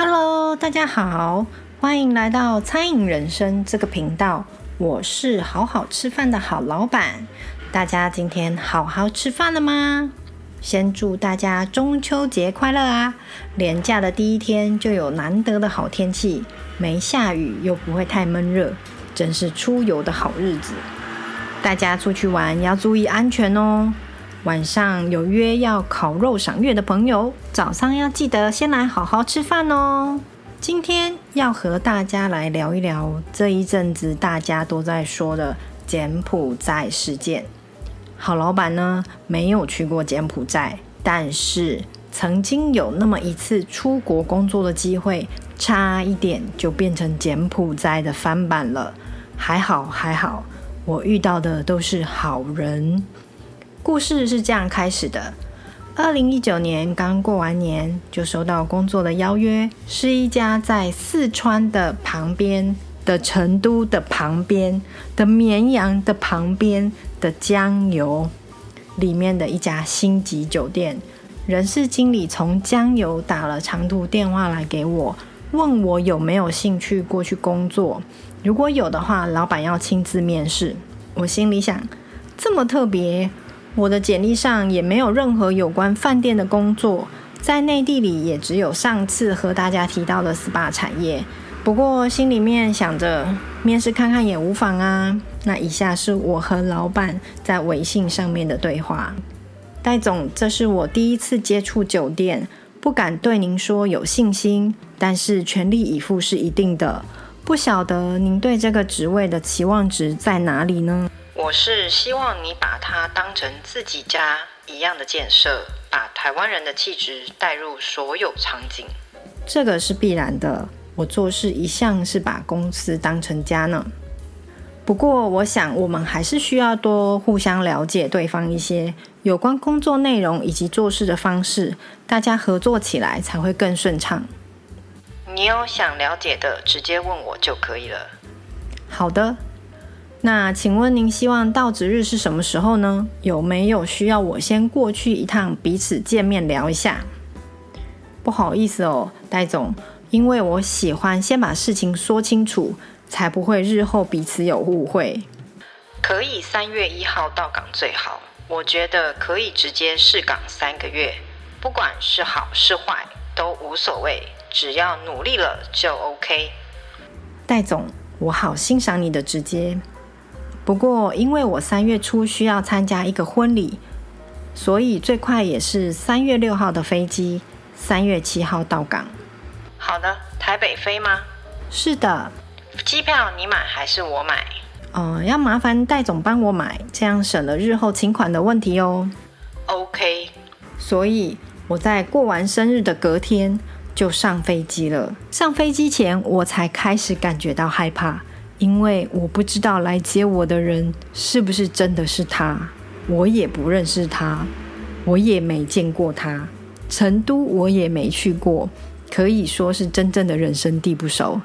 Hello，大家好，歡迎來到餐飲人生這個頻道。我是好好吃飯的好老板。大家今天好好吃飯了嗎？先祝大家中秋節快樂啊！連假的第一天就有難得的好天氣，沒下雨又不會太悶熱，真是出遊的好日子。大家出去玩要注意安全哦。晚上有約要烤肉賞月的朋友，早上要記得先來好好吃飯哦。今天要和大家來聊一聊這一陣子大家都在說的柬埔寨事件。好老板呢，沒有去過柬埔寨，但是曾經有那麼一次出國工作的機會，差一點就變成柬埔寨的翻版了。還好還好，我遇到的都是好人。故事是這樣開始的：二零一九年剛過完年，就收到工作的邀約，是一家在四川的旁邊的成都的旁邊的綿陽的旁邊的江油裡面的一家星級酒店。人事經理從江油打了長途電話來給我，問我有沒有興趣過去工作。如果有的話，老板要親自面試。我心裡想，這麼特別。我的簡歷上也沒有任何有關飯店的工作，在內地裡也只有上次和大家提到的 SPA 產業。不過心裡面想着面試看看也無妨啊。那以下是我和老闆在微信上面的對話：戴總，這是我第一次接觸酒店，不敢對您說有信心，但是全力以赴是一定的。不曉得您對這個職位的期望值在哪裡呢？我是希望你把它當成自己家一樣的建設，把台灣人的氣質帶入所有場景，這個是必然的。我做事一向是把公司當成家呢。不過，我想我們還是需要多互相了解對方一些有關工作內容以及做事的方式，大家合作起來才會更順暢。你有想了解的，直接問我就可以了。好的。那請問您希望到職日是什麼時候呢？有沒有需要我先過去一趟，彼此見面聊一下？不好意思哦，戴總，因為我喜歡先把事情說清楚，才不會日後彼此有誤會。可以三月一號到崗最好，我覺得可以直接試崗三個月，不管是好是壞都無所謂，只要努力了就 OK。戴總，我好欣賞你的直接。不過，因為我三月初需要參加一個婚禮，所以最快也是三月六號的飛機，三月七號到港。好的，台北飛嗎？是的。機票你買還是我買？哦、嗯，要麻煩戴總幫我買，這樣省了日後請款的問題哦。OK。所以我在過完生日的隔天就上飛機了。上飛機前，我才開始感覺到害怕。因為我不知道來接我的人是不是真的是他，我也不認識他，我也沒見過他，成都我也沒去過，可以說是真正的人生地不熟。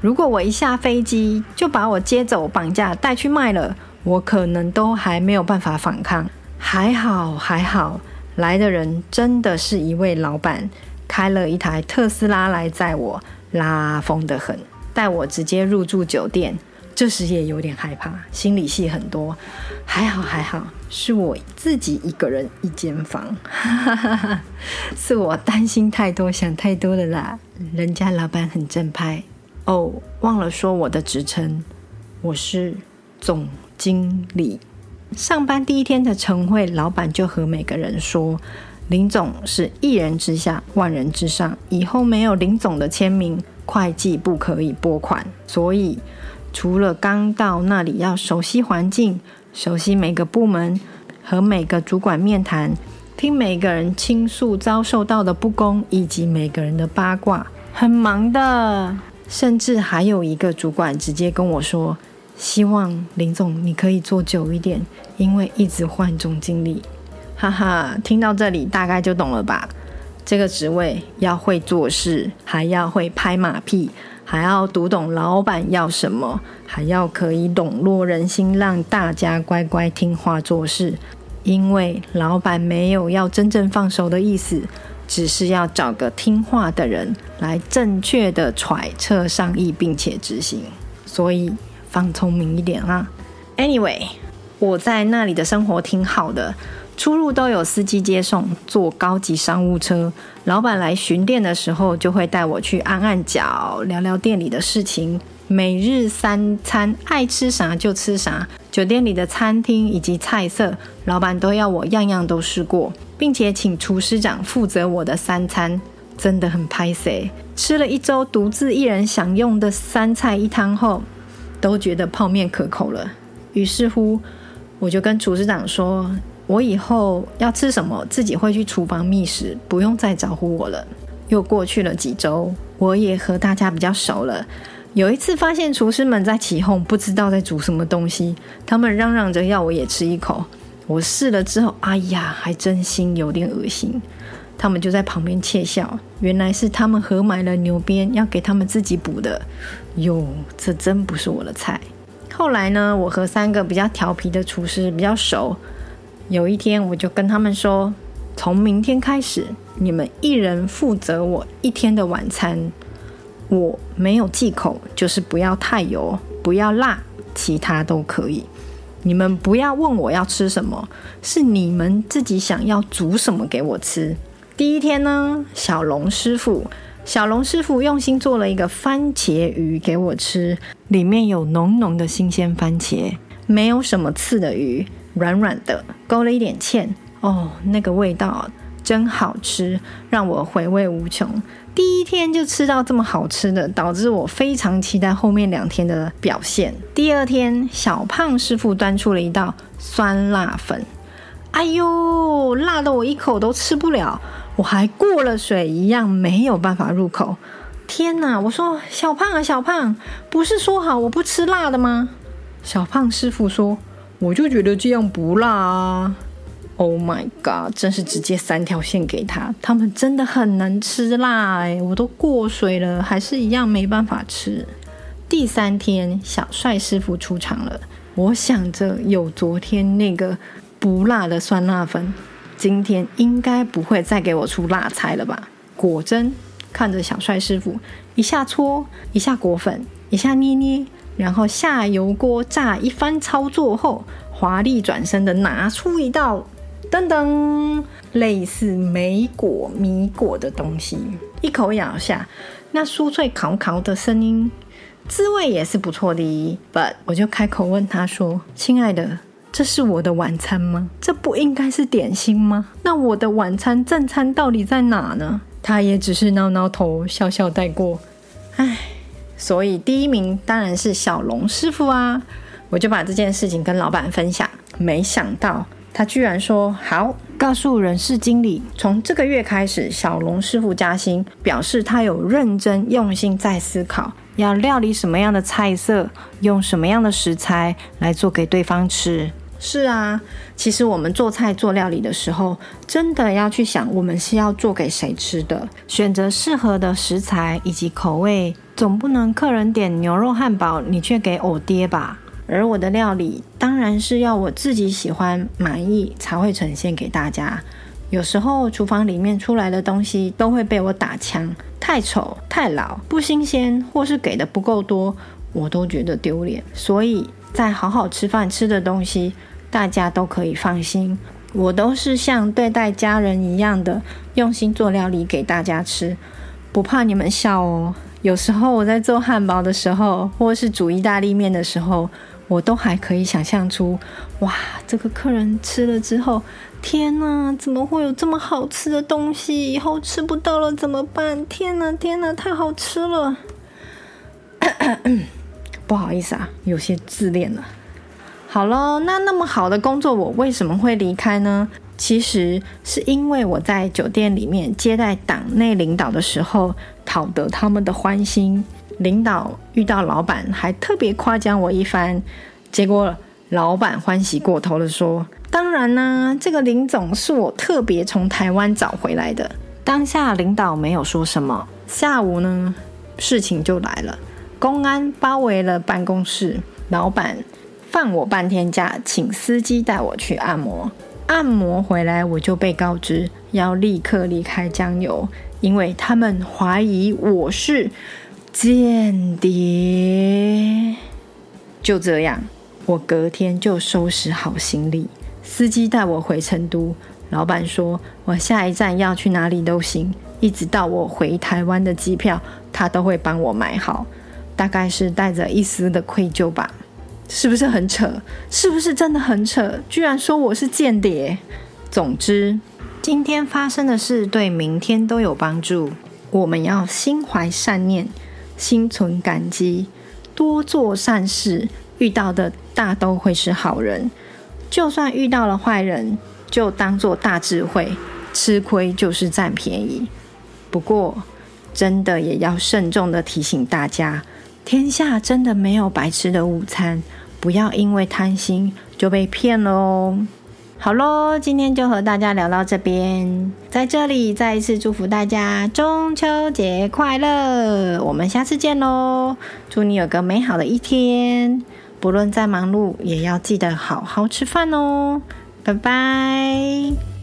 如果我一下飛機就把我接走，綁架帶去賣了，我可能都還沒有辦法反抗。還好，還好，來的人真的是一位老闆，開了一台特斯拉來載我，拉風得很。帶我直接入住酒店。這時也有點害怕，心裡戲很多。還好還好，是我自己一個人一間房， 是我擔心太多，想太多了啦。人家老闆很正派哦，oh, 忘了說我的職稱，我是總經理。上班第一天的晨會，老闆就和每個人說：“林總是一人之下，萬人之上，以後沒有林總的簽名。”會計不可以撥款，所以除了剛到那裡要熟悉環境、熟悉每個部門和每個主管面談，聽每個人傾訴遭受到的不公以及每個人的八卦，很忙的。甚至還有一個主管直接跟我說：“希望林總你可以做久一點，因為一直換總經理。”哈哈，聽到這裡大概就懂了吧。這個職位要會做事，還要會拍馬屁，還要讀懂老闆要什麼，還要可以籠絡人心，讓大家乖乖聽話做事。因為老闆沒有要真正放手的意思，只是要找個聽話的人來正確的揣測上意，並且執行。所以放聰明一點啊。Anyway，我在那裡的生活挺好的。出入都有司機接送，坐高級商務車。老板來巡店的時候，就會帶我去按按腳，聊聊店裡的事情。每日三餐，愛吃啥就吃啥。酒店裡的餐廳以及菜色，老板都要我樣樣都試過，並且請廚師長負責我的三餐，真的很拍攝。吃了一周獨自一人享用的三菜一湯後，都覺得泡麵可口了。於是乎，我就跟廚師長說。我以後要吃什麼，自己會去廚房覓食，不用再招呼我了。又過去了幾周，我也和大家比較熟了。有一次發現廚師們在起哄，不知道在煮什麼東西，他們嚷嚷着要我也吃一口。我試了之後，哎呀，還真心有點惡心。他們就在旁邊竊笑，原來是他們合買了牛鞭，要給他們自己補的。喲，這真不是我的菜。後來呢，我和三個比較調皮的廚師比較熟。有一天，我就跟他們說：“從明天開始，你們一人負責我一天的晚餐。我沒有忌口，就是不要太油，不要辣，其他都可以。你們不要問我要吃什麼，是你們自己想要煮什麼給我吃。第一天呢，小龍師傅，小龍師傅用心做了一個番茄魚給我吃，裡面有濃濃的新鮮番茄，沒有什麼刺的魚。”軟軟的，勾了一點芡哦，那個味道真好吃，讓我回味無窮。第一天就吃到這麼好吃的，導致我非常期待後面兩天的表現。第二天，小胖師傅端出了一道酸辣粉，哎呦，辣得我一口都吃不了，我還過了水一樣沒有辦法入口。天哪！我說小胖啊，小胖，不是說好我不吃辣的嗎？小胖師傅說。我就覺得這樣不辣啊！Oh my god，真是直接三條線給他！他們真的很能吃辣欸，我都過水了，還是一樣沒辦法吃。第三天，小帥師傅出場了。我想着有昨天那個不辣的酸辣粉，今天應該不會再給我出辣菜了吧？果真，看着小帥師傅一下搓，一下裹粉，一下捏捏。然後下油鍋炸一番操作後，華麗轉身的拿出一道噔噔類似莓果米果的東西，一口咬下，那酥脆烤烤的聲音，滋味也是不錯的。But 我就開口問他說：“親愛的，這是我的晚餐嗎？這不應該是點心嗎？那我的晚餐正餐到底在哪呢？”他也只是撓撓頭，笑笑帶過。唉。所以第一名當然是小龍師傅啊！我就把這件事情跟老板分享，沒想到他居然說好，告訴人事經理，從這個月開始小龍師傅加薪，表示他有認真用心在思考要料理什麼樣的菜色，用什麼樣的食材來做給對方吃。是啊，其實我們做菜做料理的時候，真的要去想我們是要做給誰吃的，選擇適合的食材以及口味，總不能客人點牛肉漢堡，你卻給我爹吧。而我的料理當然是要我自己喜歡滿意才會呈現給大家。有時候廚房裡面出來的東西都會被我打槍，太醜、太老、不新鮮或是給的不夠多，我都覺得丟臉。所以在好好吃飯吃的東西。大家都可以放心，我都是像對待家人一樣的用心做料理給大家吃，不怕你們笑哦。有時候我在做漢堡的時候，或是煮意大利麵的時候，我都還可以想象出，哇，這個客人吃了之後，天哪，怎麼會有這麼好吃的東西？以後吃不到了怎麼辦？天哪，天哪，太好吃了！ 不好意思啊，有些自戀了。好了，那那麼好的工作，我為什麼會離開呢？其實是因為我在酒店裡面接待黨內領導的時候，討得他們的歡心。領導遇到老板還特別誇獎我一番，結果老板歡喜過頭的說：“當然呢，這個林總是我特別從台灣找回來的。”當下領導沒有說什麼。下午呢，事情就來了，公安包圍了辦公室，老板。放我半天假，請司機帶我去按摩。按摩回來，我就被告知要立刻離開江油，因為他們懷疑我是間諜。就這樣，我隔天就收拾好行李，司機帶我回成都。老闆說我下一站要去哪裡都行，一直到我回台灣的機票，他都會幫我買好。大概是帶着一絲的愧疚吧。是不是很扯？是不是真的很扯？居然說我是間諜！總之，今天發生的事對明天都有幫助。我們要心懷善念，心存感激，多做善事。遇到的大都會是好人，就算遇到了壞人，就當做大智慧。吃虧就是占便宜。不過，真的也要慎重的提醒大家。天下真的沒有白吃的午餐，不要因為貪心就被騙嘍哦。好咯，今天就和大家聊到這邊，在這裡再一次祝福大家中秋節快樂，我們下次見嘍！祝你有個美好的一天，不論再忙碌，也要記得好好吃飯哦。拜拜。